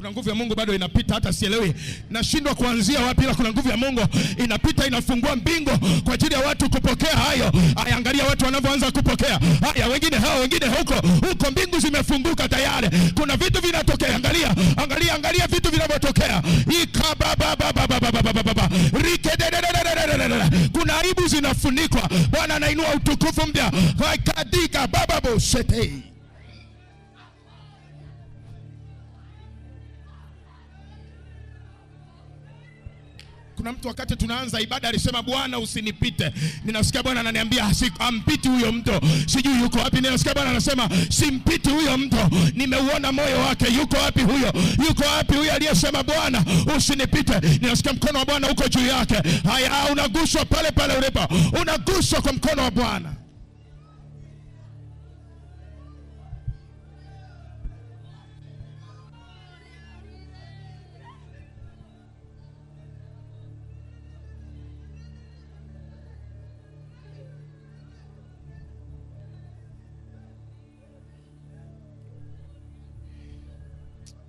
kuna nguvu ya Mungu bado inapita, hata sielewi nashindwa kuanzia wapi, ila kuna nguvu ya Mungu inapita, inafungua mbingo kwa ajili ya watu kupokea hayo. Angalia watu wanavyoanza kupokea haya, wengine hao, wengine huko huko, mbingu zimefunguka tayari, kuna vitu vinatokea. Angalia, angalia, angalia vitu vinavyotokea. rike Kuna aibu zinafunikwa. Bwana anainua utukufu mpya katika bababo shetei kuna mtu wakati tunaanza ibada alisema Bwana usinipite. Ninasikia Bwana ananiambia ampiti huyo mtu, sijui yuko wapi. Ninasikia Bwana anasema simpiti huyo mtu, nimeuona moyo wake. Yuko wapi huyo? Yuko wapi huyo aliyesema Bwana usinipite? Ninasikia mkono wa Bwana uko juu yake. Haya, unaguswa pale pale ulipo, unaguswa kwa mkono wa Bwana.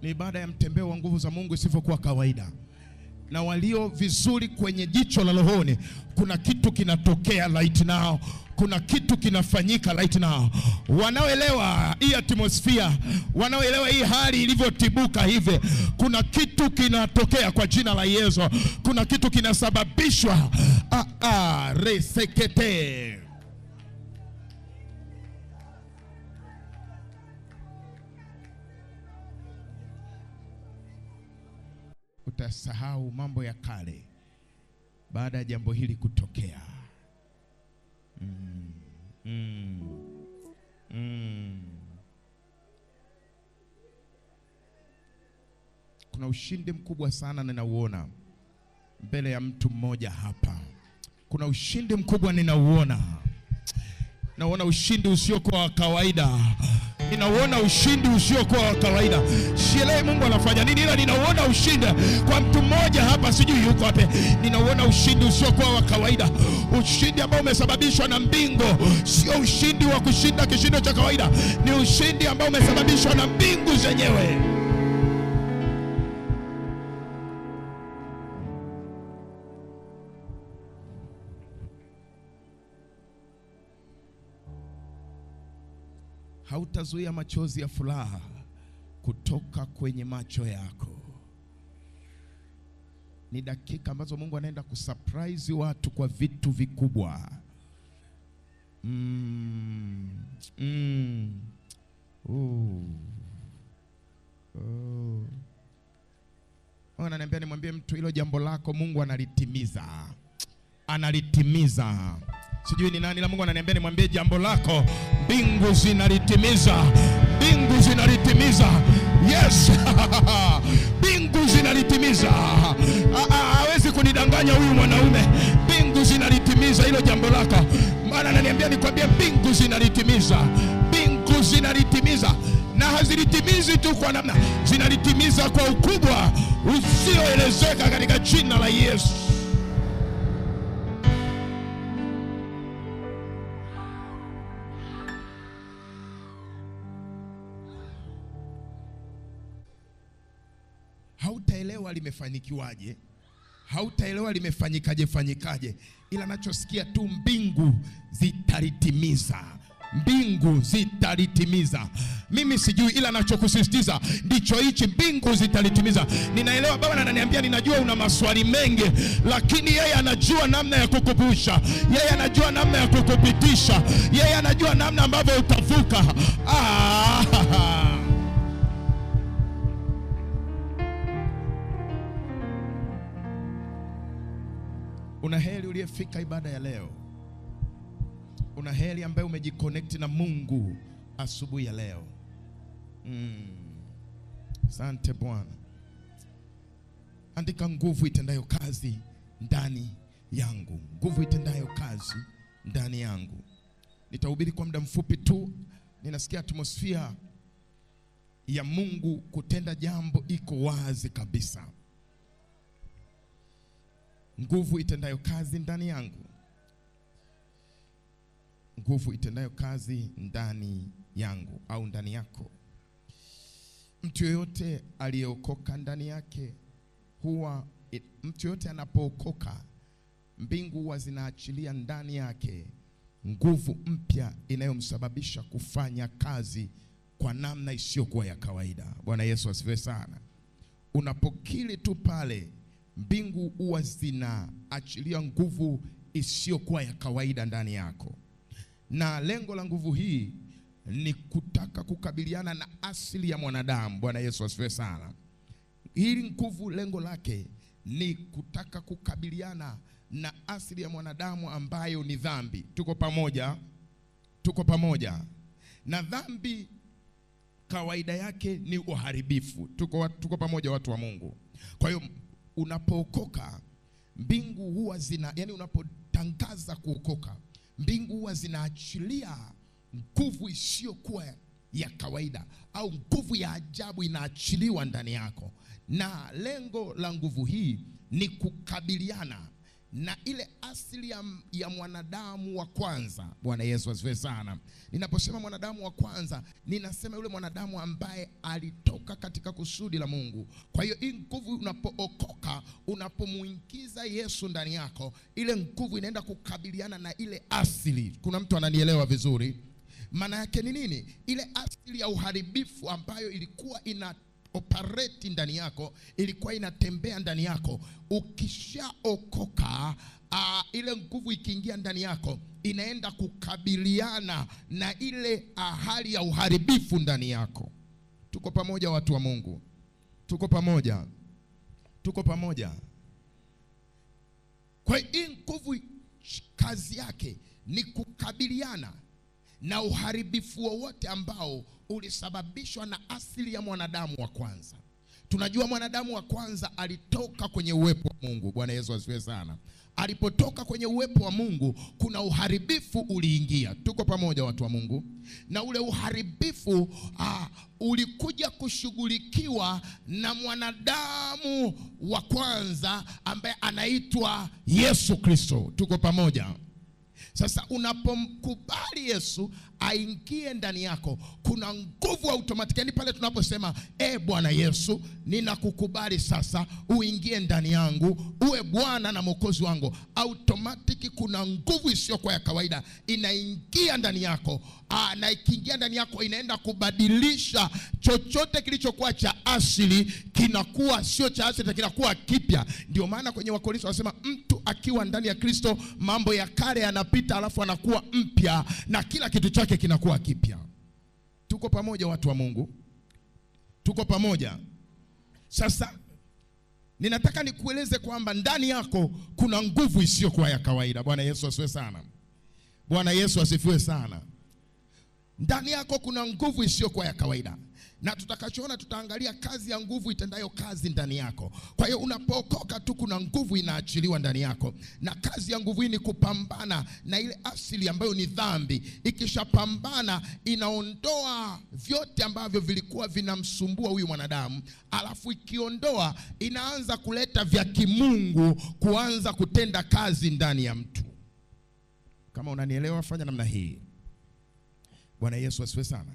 ni ibada ya mtembeo wa nguvu za Mungu isivyokuwa kawaida, na walio vizuri kwenye jicho la rohoni, kuna kitu kinatokea right now kuna kitu kinafanyika right now. Wanaoelewa hii atmosphere, wanaoelewa hii hali ilivyotibuka hivi, kuna kitu kinatokea kwa jina la Yesu, kuna kitu kinasababishwa ah, ah, reseketee utasahau mambo ya kale baada ya jambo hili kutokea. mm. Mm. Mm. Kuna ushindi mkubwa sana ninauona mbele ya mtu mmoja hapa. Kuna ushindi mkubwa ninauona, naona ushindi usiokuwa wa kawaida ninauona ushindi usiokuwa wa kawaida. Sielewi Mungu anafanya nini, ila ninauona ushindi kwa mtu mmoja hapa, sijui yuko wapi. Ninauona ushindi usiokuwa wa kawaida, ushindi ambao umesababishwa na mbingu. Sio ushindi wa kushinda kishindo cha kawaida, ni ushindi ambao umesababishwa na mbingu zenyewe. hautazuia machozi ya furaha kutoka kwenye macho yako. Ni dakika ambazo Mungu anaenda kusurprise watu kwa vitu vikubwa. Mm, mm, oh, oh. Ananiambia nimwambie mtu hilo jambo lako Mungu analitimiza, analitimiza sijui ni nani la Mungu ananiambia nimwambie jambo lako, mbingu zinalitimiza, mbingu zinalitimiza. Yes, mbingu zinalitimiza. Ah, ah, hawezi kunidanganya huyu mwanaume, mbingu zinalitimiza hilo jambo lako, maana ananiambia nikwambie, mbingu zinalitimiza, mbingu zinalitimiza na hazilitimizi tu kwa namna, zinalitimiza kwa ukubwa usioelezeka katika jina la Yesu. limefanikiwaje, hautaelewa limefanyikaje fanyikaje, ila nachosikia tu mbingu zitalitimiza mbingu zitalitimiza. Mimi sijui, ila nachokusisitiza ndicho hichi, mbingu zitalitimiza. Ninaelewa Baba ananiambia, ninajua una maswali mengi, lakini yeye anajua namna ya kukupusha, yeye anajua namna ya kukupitisha, yeye anajua namna ambavyo utavuka. ah, Una heri uliyefika ibada ya leo. Una heri ambaye umejikonekti na Mungu asubuhi ya leo. Mm. Asante mm. Bwana. Andika nguvu itendayo kazi ndani yangu, nguvu itendayo kazi ndani yangu. Nitahubiri kwa muda mfupi tu, ninasikia atmosfia ya Mungu kutenda jambo iko wazi kabisa nguvu itendayo kazi ndani yangu, nguvu itendayo kazi ndani yangu au ndani yako. Mtu yoyote aliyeokoka ndani yake huwa it, mtu yoyote anapookoka mbingu huwa zinaachilia ndani yake nguvu mpya inayomsababisha kufanya kazi kwa namna isiyokuwa ya kawaida. Bwana Yesu asifiwe sana. unapokili tu pale mbingu huwa zinaachilia nguvu isiyokuwa ya kawaida ndani yako, na lengo la nguvu hii ni kutaka kukabiliana na asili ya mwanadamu. Bwana Yesu asifiwe sana. Hili nguvu lengo lake ni kutaka kukabiliana na asili ya mwanadamu ambayo ni dhambi. Tuko pamoja? Tuko pamoja? Na dhambi kawaida yake ni uharibifu. Tuko, tuko pamoja watu wa Mungu? Kwa hiyo unapookoka mbingu huwa zina yani, unapotangaza kuokoka mbingu huwa zinaachilia nguvu isiyokuwa ya kawaida au nguvu ya ajabu inaachiliwa ndani yako, na lengo la nguvu hii ni kukabiliana na ile asili ya, ya mwanadamu wa kwanza. Bwana Yesu asifiwe sana. Ninaposema mwanadamu wa kwanza, ninasema yule mwanadamu ambaye alitoka katika kusudi la Mungu. Kwa hiyo hii nguvu, unapookoka, unapomwingiza Yesu ndani yako, ile nguvu inaenda kukabiliana na ile asili. Kuna mtu ananielewa vizuri? Maana yake ni nini? Ile asili ya uharibifu ambayo ilikuwa ina operate ndani yako, ilikuwa inatembea ndani yako. Ukishaokoka uh, ile nguvu ikiingia ndani yako inaenda kukabiliana na ile ah, hali ya uharibifu ndani yako. Tuko pamoja, watu wa Mungu, tuko pamoja, tuko pamoja. Kwa hiyo hii nguvu kazi yake ni kukabiliana na uharibifu wowote ambao ulisababishwa na asili ya mwanadamu wa kwanza. Tunajua mwanadamu wa kwanza alitoka kwenye uwepo wa Mungu. Bwana Yesu asifiwe sana. Alipotoka kwenye uwepo wa Mungu, kuna uharibifu uliingia. Tuko pamoja, watu wa Mungu? Na ule uharibifu ah, ulikuja kushughulikiwa na mwanadamu wa kwanza ambaye anaitwa Yesu Kristo. Tuko pamoja? Sasa unapomkubali Yesu aingie ndani yako. Kuna nguvu automatic, yani pale tunaposema e, Bwana Yesu, ninakukubali sasa, uingie ndani yangu, uwe Bwana na Mwokozi wangu. Automatic kuna nguvu isiyokuwa ya kawaida inaingia ndani yako. Aa, ah, na ikiingia ndani yako inaenda kubadilisha chochote kilichokuwa cha asili, kinakuwa sio cha asili, kinakuwa kipya. Ndio maana kwenye Wakorintho wanasema mtu akiwa ndani ya Kristo mambo ya kale yanapita, alafu anakuwa mpya na kila kitu chake chake kinakuwa kipya. Tuko pamoja, watu wa Mungu, tuko pamoja. Sasa ninataka nikueleze kwamba ndani yako kuna nguvu isiyokuwa ya kawaida. Bwana Yesu asifiwe sana. Bwana Yesu asifiwe sana. Ndani yako kuna nguvu isiyokuwa ya kawaida, na tutakachoona tutaangalia kazi ya nguvu itendayo kazi ndani yako. Kwa hiyo unapookoka tu, kuna nguvu inaachiliwa ndani yako, na kazi ya nguvu hii ni kupambana na ile asili ambayo ni dhambi. Ikishapambana inaondoa vyote ambavyo vilikuwa vinamsumbua huyu mwanadamu, alafu ikiondoa, inaanza kuleta vya kimungu kuanza kutenda kazi ndani ya mtu. Kama unanielewa, fanya namna hii. Bwana Yesu asifiwe sana.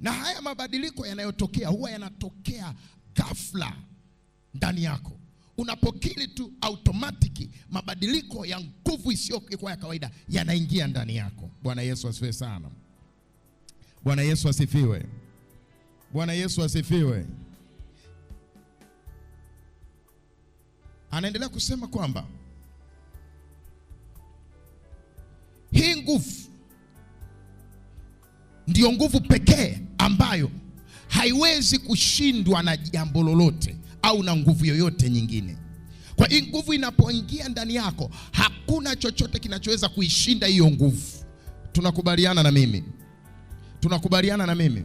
Na haya mabadiliko yanayotokea huwa yanatokea ghafla ndani yako, unapokili tu automatic, mabadiliko ya nguvu isiyokuwa ya kawaida yanaingia ndani yako. Bwana Yesu asifiwe sana. Bwana Yesu asifiwe. Bwana Yesu asifiwe. Anaendelea kusema kwamba hii nguvu ndiyo nguvu pekee ambayo haiwezi kushindwa na jambo lolote au na nguvu yoyote nyingine. Kwa hiyo nguvu inapoingia ndani yako, hakuna chochote kinachoweza kuishinda hiyo nguvu. Tunakubaliana na mimi? Tunakubaliana na mimi?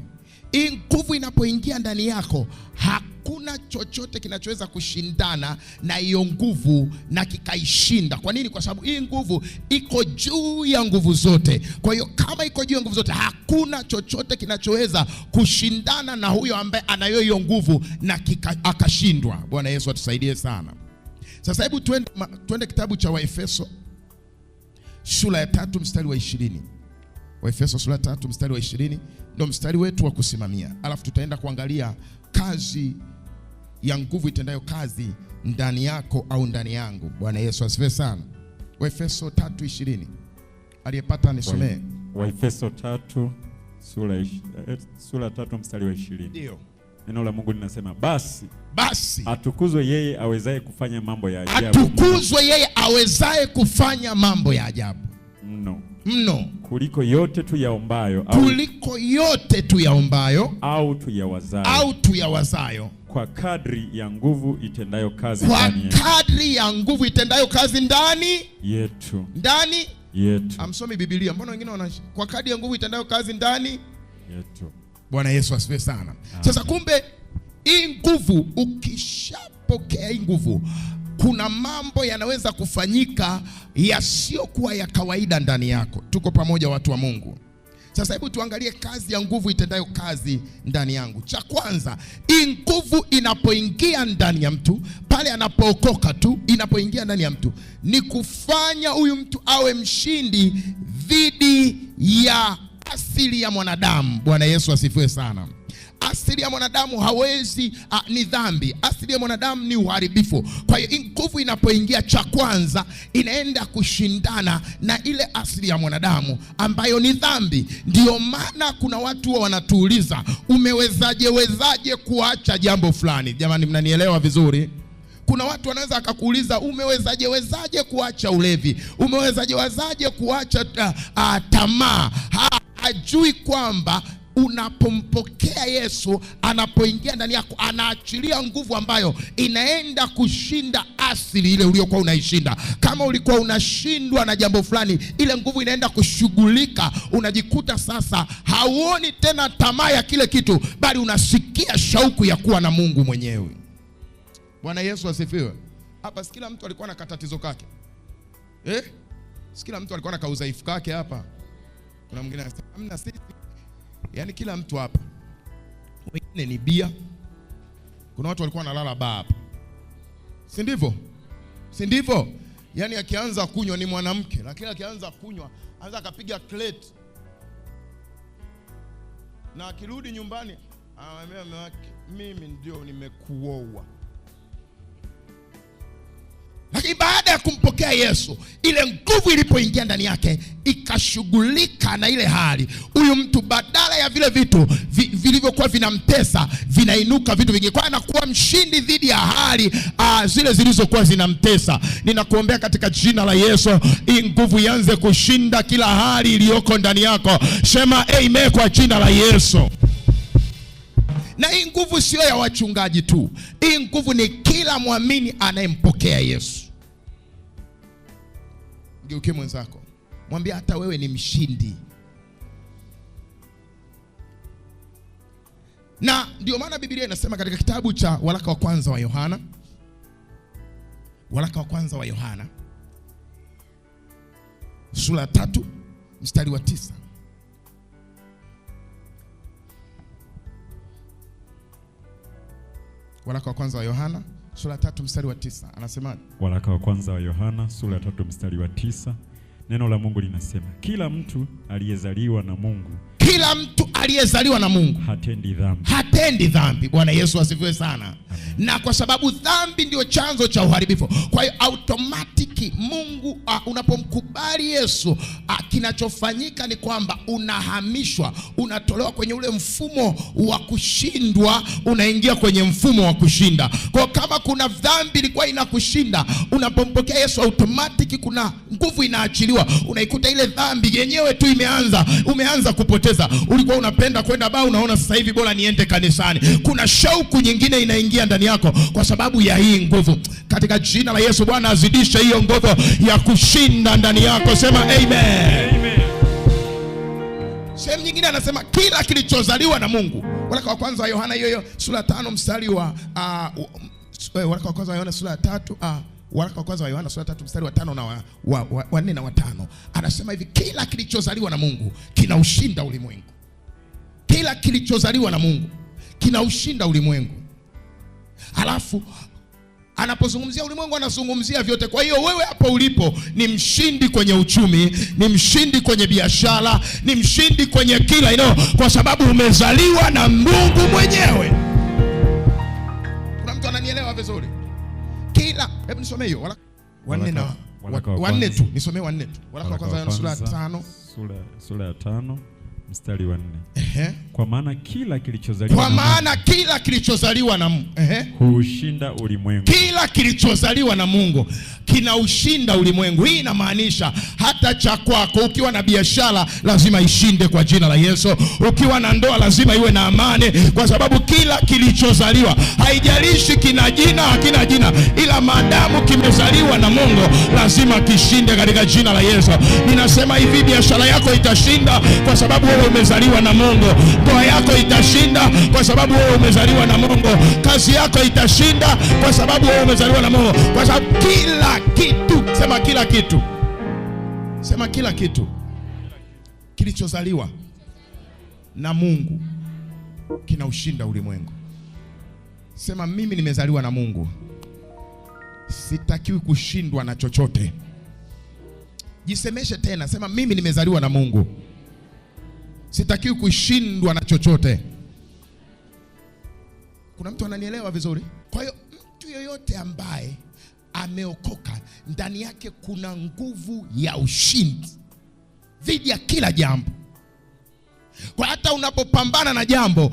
Hii nguvu inapoingia ndani yako, hakuna hakuna chochote kinachoweza kushindana na hiyo nguvu na kikaishinda. Kwa nini? Kwa sababu hii nguvu iko juu ya nguvu zote. Kwa hiyo kama iko juu ya nguvu zote, hakuna chochote kinachoweza kushindana na huyo ambaye anayo hiyo nguvu na akashindwa. Bwana Yesu atusaidie sana. Sasa hebu tuende, twende kitabu cha Waefeso sura ya tatu mstari wa ishirini. Waefeso sura ya tatu mstari wa ishirini ndio mstari wetu wa kusimamia, alafu tutaenda kuangalia kazi ya nguvu itendayo kazi ndani yako au ndani yangu. Bwana Yesu asifiwe sana. Waefeso 3:20. Aliyepata nisomee. Waefeso 3 sura eh, sura 3 mstari wa 20. Ndio. Neno la Mungu linasema basi, basi atukuzwe yeye awezaye kufanya mambo ya ajabu. Atukuzwe yeye awezaye kufanya mambo ya ajabu mno mno kuliko yote tuyaombayo, kuliko yote tuyaombayo au tuyawazayo, au tuyawazayo kwa kadri ya nguvu itendayo kazi ndani yetu. Kwa kadri ya nguvu itendayo kazi ndani yetu. Ndani yetu. Amsomi Biblia. Mbona wengine wana kwa kadri ya nguvu itendayo kazi ndani yetu. Bwana Yesu asifiwe sana. Amen. Sasa kumbe hii nguvu ukishapokea hii nguvu kuna mambo yanaweza kufanyika yasiyokuwa ya kawaida ndani yako. Tuko pamoja watu wa Mungu. Sasa hebu tuangalie kazi ya nguvu itendayo kazi ndani yangu. Cha kwanza, hii nguvu inapoingia ndani ya mtu pale anapookoka tu, inapoingia ndani ya mtu ni kufanya huyu mtu awe mshindi dhidi ya asili ya mwanadamu. Bwana Yesu asifiwe sana. Asili ya mwanadamu hawezi uh, ni dhambi. Asili ya mwanadamu ni uharibifu. Kwa hiyo nguvu inapoingia, cha kwanza inaenda kushindana na ile asili ya mwanadamu ambayo ni dhambi. ndio maana kuna watu wa wanatuuliza umewezaje wezaje kuacha jambo fulani. Jamani, mnanielewa vizuri? Kuna watu wanaweza akakuuliza umewezaje wezaje kuacha ulevi, umewezaje wezaje kuacha ah, ah, tamaa. Hajui kwamba unapompokea Yesu, anapoingia ndani yako, anaachilia nguvu ambayo inaenda kushinda asili ile uliyokuwa unaishinda. Kama ulikuwa unashindwa na jambo fulani, ile nguvu inaenda kushughulika. Unajikuta sasa hauoni tena tamaa ya kile kitu, bali unasikia shauku ya kuwa na Mungu mwenyewe. Bwana Yesu asifiwe. Hapa si kila mtu alikuwa na katatizo kake eh? Si kila mtu alikuwa na kaudhaifu kake hapa. Kuna mwingine anasema sisi Yaani kila mtu hapa, wengine ni bia. Kuna watu walikuwa wanalala baa hapa, si ndivyo? Si ndivyo? Yaani akianza kunywa ni mwanamke, lakini akianza kunywa anaweza akapiga crate, na akirudi nyumbani anamwambia mume wake, mimi ndio nimekuoa. Lakini baada ya kum kumpokea Yesu, ile nguvu ilipoingia ndani yake ikashughulika na ile hali. Huyu mtu badala ya vile vitu vi, vilivyokuwa vinamtesa vinainuka vitu vingi, kwa anakuwa mshindi dhidi ya hali a, ah, zile zilizokuwa zinamtesa. Ninakuombea katika jina la Yesu, hii nguvu ianze kushinda kila hali iliyoko ndani yako. Sema amen kwa jina la Yesu na hii nguvu siyo ya wachungaji tu. Hii nguvu ni kila mwamini anayempokea Yesu. Mgeukie mwenzako, mwambie hata wewe ni mshindi. Na ndio maana Biblia inasema katika kitabu cha waraka wa kwanza wa Yohana, waraka wa kwanza wa Yohana sura tatu mstari wa tisa Waraka wa kwanza wa Yohana sura ya tatu mstari wa tisa anasemaje? Waraka wa kwanza wa Yohana sura ya tatu mstari wa tisa neno la Mungu linasema kila mtu aliyezaliwa na Mungu kila mtu aliyezaliwa na Mungu hatendi dhambi, hatendi dhambi. Bwana Yesu asifiwe sana. Amen. Na kwa sababu dhambi ndio chanzo cha uharibifu, kwa hiyo automatic haki Mungu. Uh, unapomkubali Yesu uh, kinachofanyika ni kwamba unahamishwa, unatolewa kwenye ule mfumo wa kushindwa, unaingia kwenye mfumo wa kushinda. Kwa kama kuna dhambi ilikuwa inakushinda, unapompokea Yesu automatic kuna nguvu inaachiliwa, unaikuta ile dhambi yenyewe tu imeanza, umeanza kupoteza. Ulikuwa unapenda kwenda baa, unaona sasa hivi bora niende kanisani. Kuna shauku nyingine inaingia ndani yako kwa sababu ya hii nguvu. Katika jina la Yesu, Bwana azidishe hiyo nguvu ya kushinda ndani yako. Sema amen, Sehemu nyingine anasema kila kilichozaliwa na Mungu. Waraka wa kwanza wa Yohana hiyo hiyo sura tano mstari wa uh, waraka wa kwanza wa Yohana sura ya tatu uh, Waraka wa kwanza wa Yohana sura tatu mstari wa tano na wa, wa, wa, wa nne na watano anasema hivi, kila kilichozaliwa na Mungu kinaushinda ulimwengu. Kila kilichozaliwa na Mungu kinaushinda ulimwengu. Alafu anapozungumzia ulimwengu anazungumzia vyote. Kwa hiyo wewe hapo ulipo ni mshindi kwenye uchumi, ni mshindi kwenye biashara, ni mshindi kwenye kila ino, kwa sababu umezaliwa na Mungu mwenyewe. Kuna mtu ananielewa vizuri? kila hebu nisome hiyo wala wanne na wanne tu, nisome wanne tu, wala kwa kwanza sura ya 5 sura sura ya tano mstari wa nne. Ehe. Kwa maana kila kilichozaliwa kwa maana kila kilichozaliwa na Mungu ehe, huushinda ulimwengu. Kila kilichozaliwa na Mungu kinaushinda ulimwengu. Hii inamaanisha hata cha kwako, ukiwa na biashara lazima ishinde kwa jina la Yesu. Ukiwa na ndoa lazima iwe na amani, kwa sababu kila kilichozaliwa, haijalishi kina jina hakina jina, ila maadamu kimezaliwa na Mungu lazima kishinde katika jina la Yesu. Ninasema hivi, biashara yako itashinda kwa sababu wewe umezaliwa na Mungu. Ndoa yako itashinda kwa sababu wewe umezaliwa na Mungu. Kazi yako itashinda kwa sababu wewe umezaliwa na Mungu, kwa sababu kila kitu, sema kila kitu, sema kila kitu kilichozaliwa na Mungu kinaushinda ulimwengu. Sema mimi nimezaliwa na Mungu, sitakiwi kushindwa na chochote. Jisemeshe tena, sema mimi nimezaliwa na Mungu sitakiwi kushindwa na chochote. Kuna mtu ananielewa vizuri? Kwa hiyo mtu yoyote ambaye ameokoka ndani yake kuna nguvu ya ushindi dhidi ya kila jambo. Kwa hata unapopambana na jambo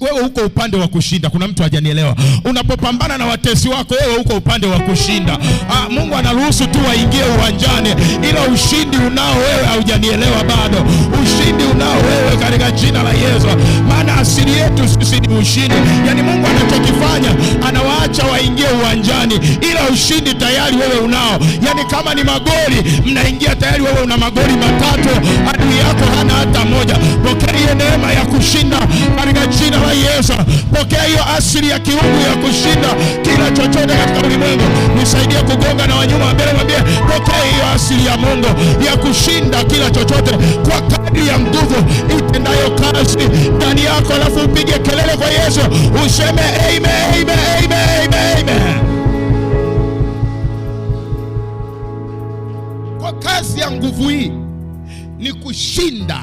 wewe, huko upande wa kushinda. Kuna mtu hajanielewa. Unapopambana na watesi wako wewe huko upande wa kushinda. Ah, Mungu anaruhusu tu waingie uwanjani, ila ushindi unao wewe, haujanielewa bado. Ushindi unao wewe katika jina la Yesu, maana asili yetu sisi ni ushindi. Yani Mungu anachokifanya anawaacha waingie uwanjani, ila ushindi tayari wewe unao. Yani kama ni magoli mnaingia tayari, wewe una magoli matatu, adui yako hana hata moja. Pokea hiyo neema ya kushinda katika jina la Yesu. Pokea hiyo asili ya kiungu ya kushinda kila chochote katika ulimwengu. Nisaidie kugonga na wanyuma mbele, mwambie pokea hiyo asili ya Mungu ya kushinda kila chochote kwa kadri ya nguvu itendayo kazi ndani yako, alafu upige kelele kwa Yesu, useme amen, amen, amen, amen, amen. Kwa kazi ya nguvu hii ni kushinda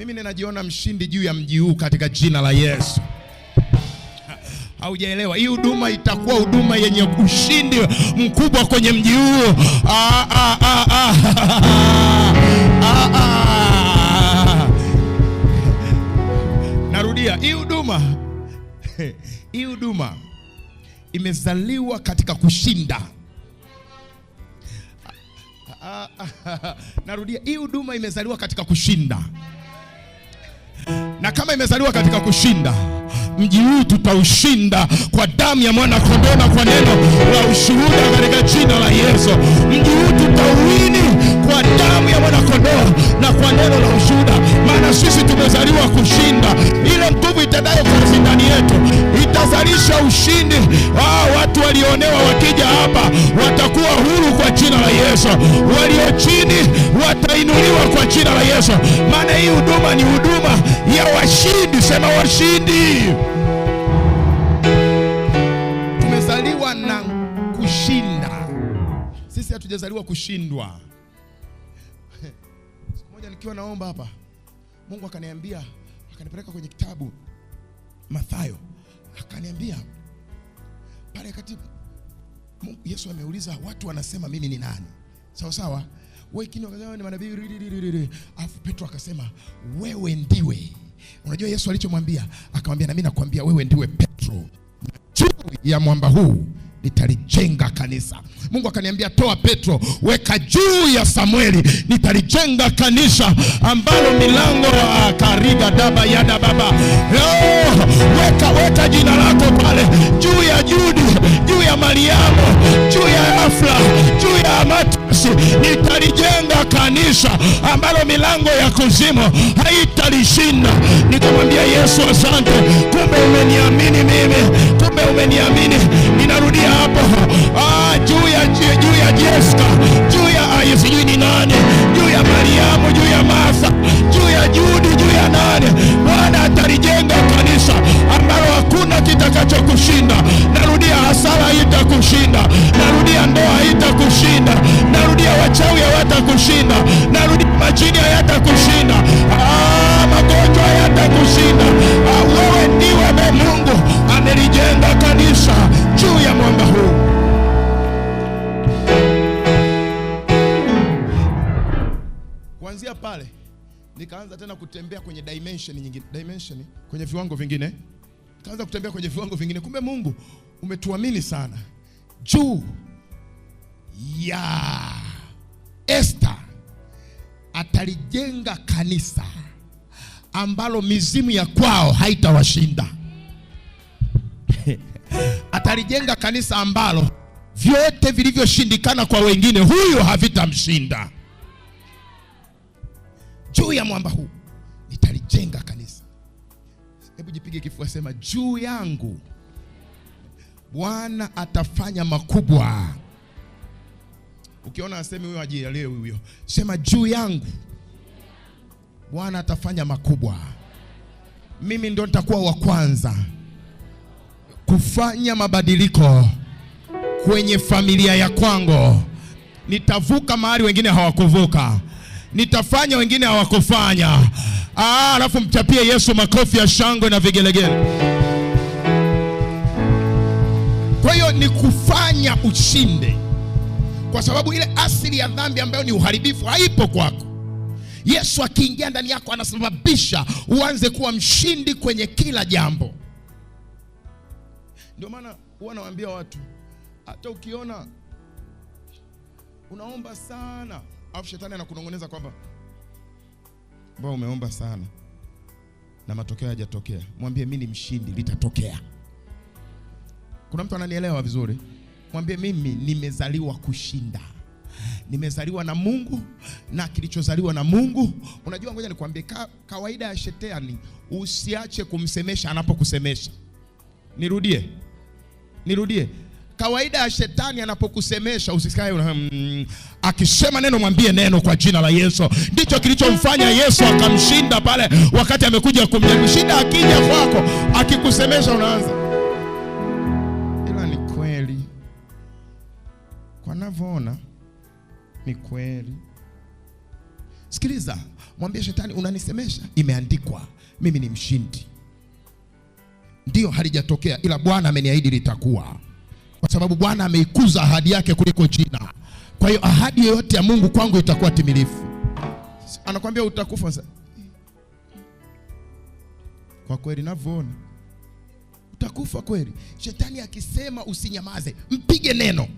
mimi ninajiona mshindi juu ya mji huu katika jina la Yesu. Haujaelewa, hii huduma itakuwa huduma yenye ushindi mkubwa kwenye mji huu. Ah, ah, ah, Narudia, hii huduma hii huduma imezaliwa katika kushinda. Narudia, hii huduma imezaliwa katika kushinda na kama imezaliwa katika kushinda, mji huu tutaushinda kwa damu ya mwana kondoo na kwa neno la ushuhuda katika jina la Yesu. Mji huu tutauwini kwa damu ya mwana kondoo na kwa neno la ushuhuda, maana sisi tumezaliwa kushinda. Ile nguvu itendayo kazi ndani yetu utazalisha ushindi. Ah, watu walionewa wakija hapa watakuwa huru kwa jina la Yesu, walio chini watainuliwa kwa jina la Yesu, maana hii huduma ni huduma ya washindi. Sema washindi. Tumezaliwa na kushinda, sisi hatujazaliwa kushindwa. Siku moja nikiwa naomba hapa, Mungu akaniambia akanipeleka kwenye kitabu Mathayo Akaniambia pale kati Yesu ameuliza watu wanasema mimi ni nani? Sawa sawa, kinyo kazao ni manabii, afu Petro akasema wewe ndiwe. Unajua Yesu alichomwambia, akamwambia nami nakwambia wewe ndiwe Petro, juu ya mwamba huu nitalijenga kanisa. Mungu akaniambia toa Petro, weka juu ya Samueli, nitalijenga kanisa ambalo milango ya kariga daba yada baba. oh, weka weka jina lako pale juu ya Judi, juu ya Mariamu, juu ya Afla, juu ya Matasi, nitalijenga kanisa ambalo milango ya kuzimu haitalishinda. Nikamwambia Yesu, asante, kumbe umeniamini mimi kumbe umeniamini. Ninarudia hapo ah, juu ya juu ya Jeska, juu ya ayi, sijui ni nani, juu ya Mariamu, juu ya Masa, juu ya Judi, juu ya nani. Bwana atalijenga kanisa ambalo hakuna kitakachokushinda. Narudia, hasara itakushinda Narudia, ndoa itakushinda Narudia, wachawi hawatakushinda. Narudia, majini hayatakushinda. Ah, magonjwa hayatakushinda. Ah, wewe ndiwe Mungu amelijenga kanisa juu ya mwamba huu. Kuanzia pale nikaanza tena kutembea kwenye dimension nyingine, dimension kwenye viwango vingine, nikaanza kutembea kwenye viwango vingine. Kumbe Mungu umetuamini sana juu ya Esther atalijenga kanisa ambalo mizimu ya kwao haitawashinda atalijenga kanisa ambalo vyote vilivyoshindikana kwa wengine huyo havitamshinda. Juu ya mwamba huu nitalijenga kanisa. Hebu jipige kifua, sema juu yangu Bwana atafanya makubwa. Ukiona asemi huyo ajielewe huyo, sema juu yangu Bwana atafanya makubwa, mimi ndo nitakuwa wa kwanza kufanya mabadiliko kwenye familia ya kwangu. Nitavuka mahali wengine hawakuvuka, nitafanya wengine hawakufanya. Aa, ah, alafu mchapie Yesu makofi ya shangwe na vigelegele. Kwa hiyo ni kufanya ushinde, kwa sababu ile asili ya dhambi ambayo ni uharibifu haipo kwako. Yesu akiingia ndani yako anasababisha uanze kuwa mshindi kwenye kila jambo. Ndio maana huwa nawaambia watu, hata ukiona unaomba sana alafu shetani anakunong'oneza kwamba mbona umeomba sana na matokeo hayajatokea, mwambie mimi ni mshindi, litatokea. Kuna mtu ananielewa vizuri? Mwambie mimi nimezaliwa kushinda nimezaliwa na Mungu na kilichozaliwa na Mungu. Unajua, ngoja nikwambie, ka, kawaida ya shetani usiache kumsemesha anapokusemesha. Nirudie. Nirudie, kawaida ya shetani anapokusemesha usikae una mm, akisema neno mwambie neno kwa jina la Yesu. Ndicho kilichomfanya Yesu akamshinda pale wakati amekuja kumjaribu. akija kwako akikusemesha unaanza, ila ni kweli kwa ni kweli. Sikiliza, mwambie shetani, unanisemesha, imeandikwa mimi ni mshindi ndio halijatokea, ila Bwana ameniahidi litakuwa, kwa sababu Bwana ameikuza ahadi yake kuliko jina. Kwa hiyo ahadi yoyote ya Mungu kwangu itakuwa timilifu. Anakuambia utakufa sasa. Kwa kweli navyoona utakufa kweli. Shetani akisema usinyamaze, mpige neno.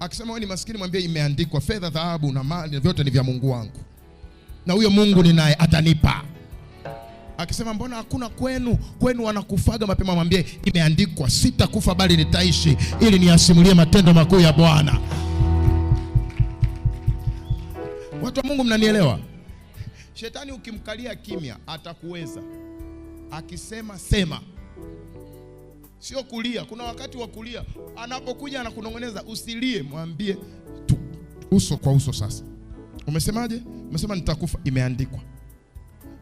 Akisema wewe ni maskini, mwambie imeandikwa, fedha, dhahabu na mali vyote ni vya Mungu wangu, na huyo Mungu ninaye atanipa akisema mbona hakuna kwenu? Kwenu wanakufaga mapema. Mwambie imeandikwa, sitakufa bali nitaishi, ili niyasimulie matendo makuu ya Bwana. Watu wa Mungu, mnanielewa? Shetani ukimkalia kimya atakuweza, akisema sema, sio kulia. Kuna wakati wa kulia, anapokuja anakunong'oneza, usilie, mwambie tu uso kwa uso. Sasa umesemaje? Umesema nitakufa, imeandikwa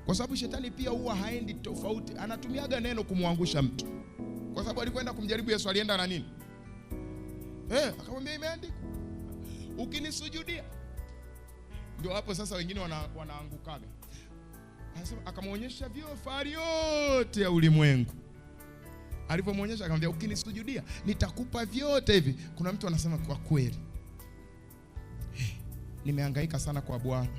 kwa sababu shetani pia huwa haendi tofauti, anatumiaga neno kumwangusha mtu, kwa sababu alikwenda kumjaribu Yesu alienda na nini? Eh, akamwambia imeandikwa, ukinisujudia. Ndio hapo sasa wengine wana, wanaangukaga. Anasema akamwonyesha vyo fahari yote ya ulimwengu alivyomwonyesha akamwambia, ukinisujudia nitakupa vyote hivi. Kuna mtu anasema kwa kweli, hey, nimehangaika sana kwa Bwana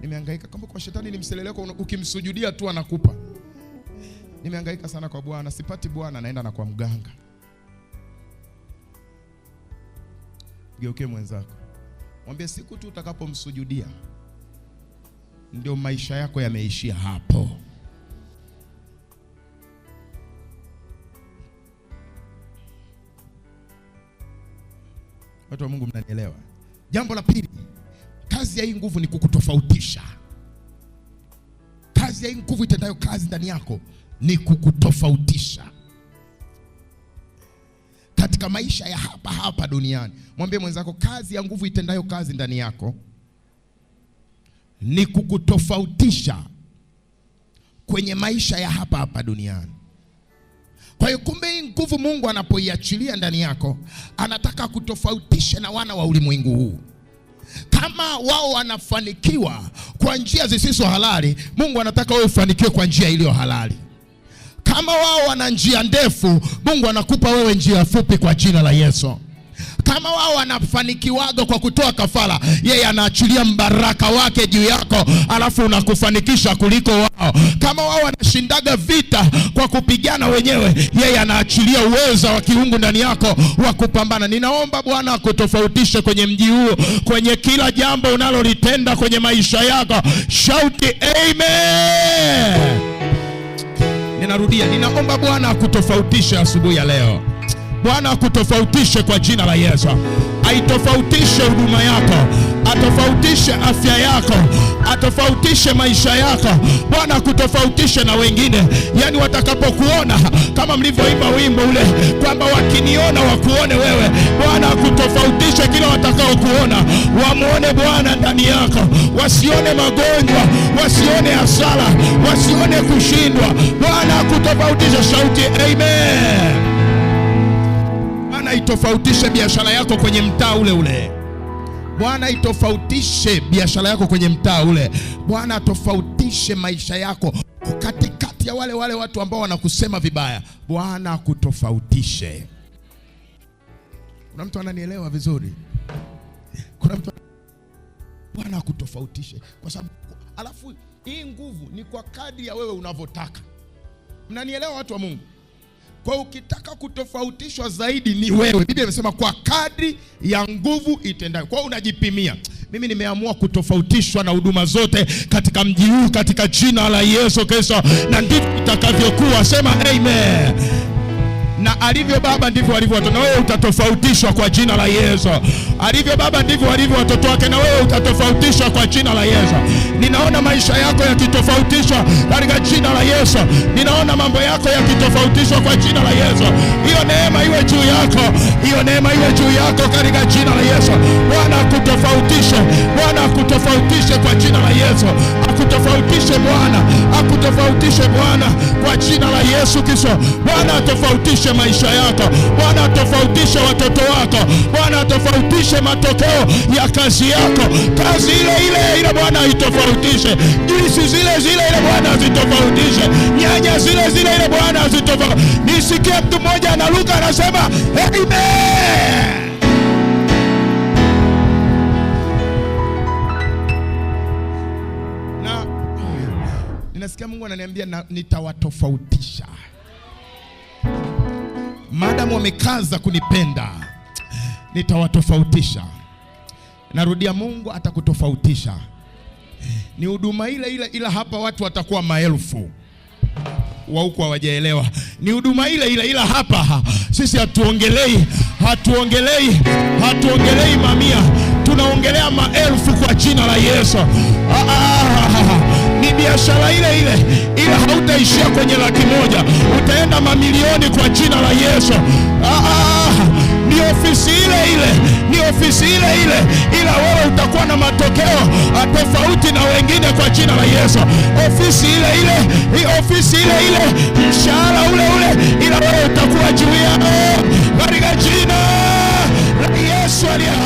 Nimehangaika kama kwa shetani ni kwa ukimsujudia tu anakupa. Nimehangaika sana kwa Bwana, sipati Bwana, naenda na kwa mganga. Geuke mwenzako, mwambie siku tu utakapomsujudia ndio maisha yako yameishia hapo. Watu wa Mungu, mnanielewa? Jambo la pili Kazi ya hii nguvu ni kukutofautisha. Kazi ya hii nguvu itendayo kazi ndani yako ni kukutofautisha katika maisha ya hapa hapa duniani. Mwambie mwenzako, kazi ya nguvu itendayo kazi ndani yako ni kukutofautisha kwenye maisha ya hapa hapa duniani. Kwa hiyo kumbe, hii nguvu Mungu anapoiachilia ndani yako, anataka kutofautisha na wana wa ulimwengu huu. Kama wao wanafanikiwa kwa njia zisizo halali, Mungu anataka wewe ufanikiwe kwa njia iliyo halali. Kama wao wana njia ndefu, Mungu anakupa wewe njia fupi kwa jina la Yesu. Kama wao wanafanikiwaga kwa kutoa kafara, yeye anaachilia mbaraka wake juu yako, alafu unakufanikisha kuliko wao. Kama wao wanashindaga vita kwa kupigana wenyewe, yeye anaachilia uweza wa kiungu ndani yako wa kupambana. Ninaomba Bwana akutofautishe kwenye mji huo, kwenye kila jambo unalolitenda kwenye maisha yako. Shauti amen. Ninarudia, ninaomba Bwana akutofautishe asubuhi ya leo. Bwana akutofautishe kwa jina la Yesu, aitofautishe huduma yako, atofautishe afya yako, atofautishe maisha yako. Bwana akutofautishe na wengine, yaani watakapokuona, kama mlivyoimba wimbo ule kwamba wakiniona wakuone wewe. Bwana akutofautishe kila watakaokuona, wamwone Bwana ndani yako, wasione magonjwa, wasione hasara, wasione kushindwa. Bwana akutofautishe. Shauti amen itofautishe biashara yako kwenye mtaa ule ule. Bwana itofautishe biashara yako kwenye mtaa ule. Bwana atofautishe maisha yako katikati ya wale wale watu ambao wanakusema vibaya. Bwana akutofautishe. Kuna mtu ananielewa vizuri? Kuna mtu Bwana akutofautishe kwa sababu, alafu hii nguvu ni kwa kadri ya wewe unavyotaka. Mnanielewa watu wa Mungu? Kwa ukitaka kutofautishwa zaidi ni wewe. Biblia imesema kwa kadri ya nguvu itendayo. Kwa unajipimia. Mimi nimeamua kutofautishwa na huduma zote katika mji huu katika jina la Yesu Kristo, na ndivyo itakavyokuwa. Sema amen. Na alivyo baba ndivyo alivyo watoto, na wewe utatofautishwa kwa jina la Yesu. Alivyo baba ndivyo alivyo watoto wake, na wewe utatofautishwa kwa jina la Yesu. Ninaona maisha yako yakitofautishwa katika jina la Yesu. Ninaona mambo yako yakitofautishwa kwa jina la Yesu. Hiyo neema iwe juu yako, hiyo neema iwe juu yako katika jina la Yesu. Bwana akutofautishe, Bwana akutofautishe kwa jina la Yesu, akutofautishe Bwana, akutofautishe Bwana kwa jina la Yesu Kristo. Bwana atofautishe maisha yako, Bwana atofautishe watoto wako, Bwana atofautishe matokeo ya kazi yako, kazi ile ile ile Bwana itofautishe azitofautishe, juisi zile zile ile Bwana azitofautishe, nyanya zile zile ile Bwana azitofautishe. Nisikie mtu mmoja analuka anasema amen. ninasikia Mungu ananiambia nitawatofautisha maadamu wamekaza kunipenda, nitawatofautisha. Narudia, Mungu atakutofautisha ni huduma ile ile, ila hapa watu watakuwa maelfu wa huko hawajaelewa. Ni huduma ile ile, ila hapa sisi hatuongelei, hatuongelei, hatuongelei mamia, tunaongelea maelfu kwa jina la Yesu. Ah, ah, ah, ni biashara ile ile, ila hautaishia kwenye laki moja, utaenda mamilioni kwa jina la Yesu ni ofisi ile ile, ni ofisi ile ile, ila wewe utakuwa na matokeo tofauti na wengine kwa jina la Yesu. Ofisi ile ile, ofisi ile ile, mshahara ule ule, ila wewe utakuwa juu yao katika jina la Yesu aliye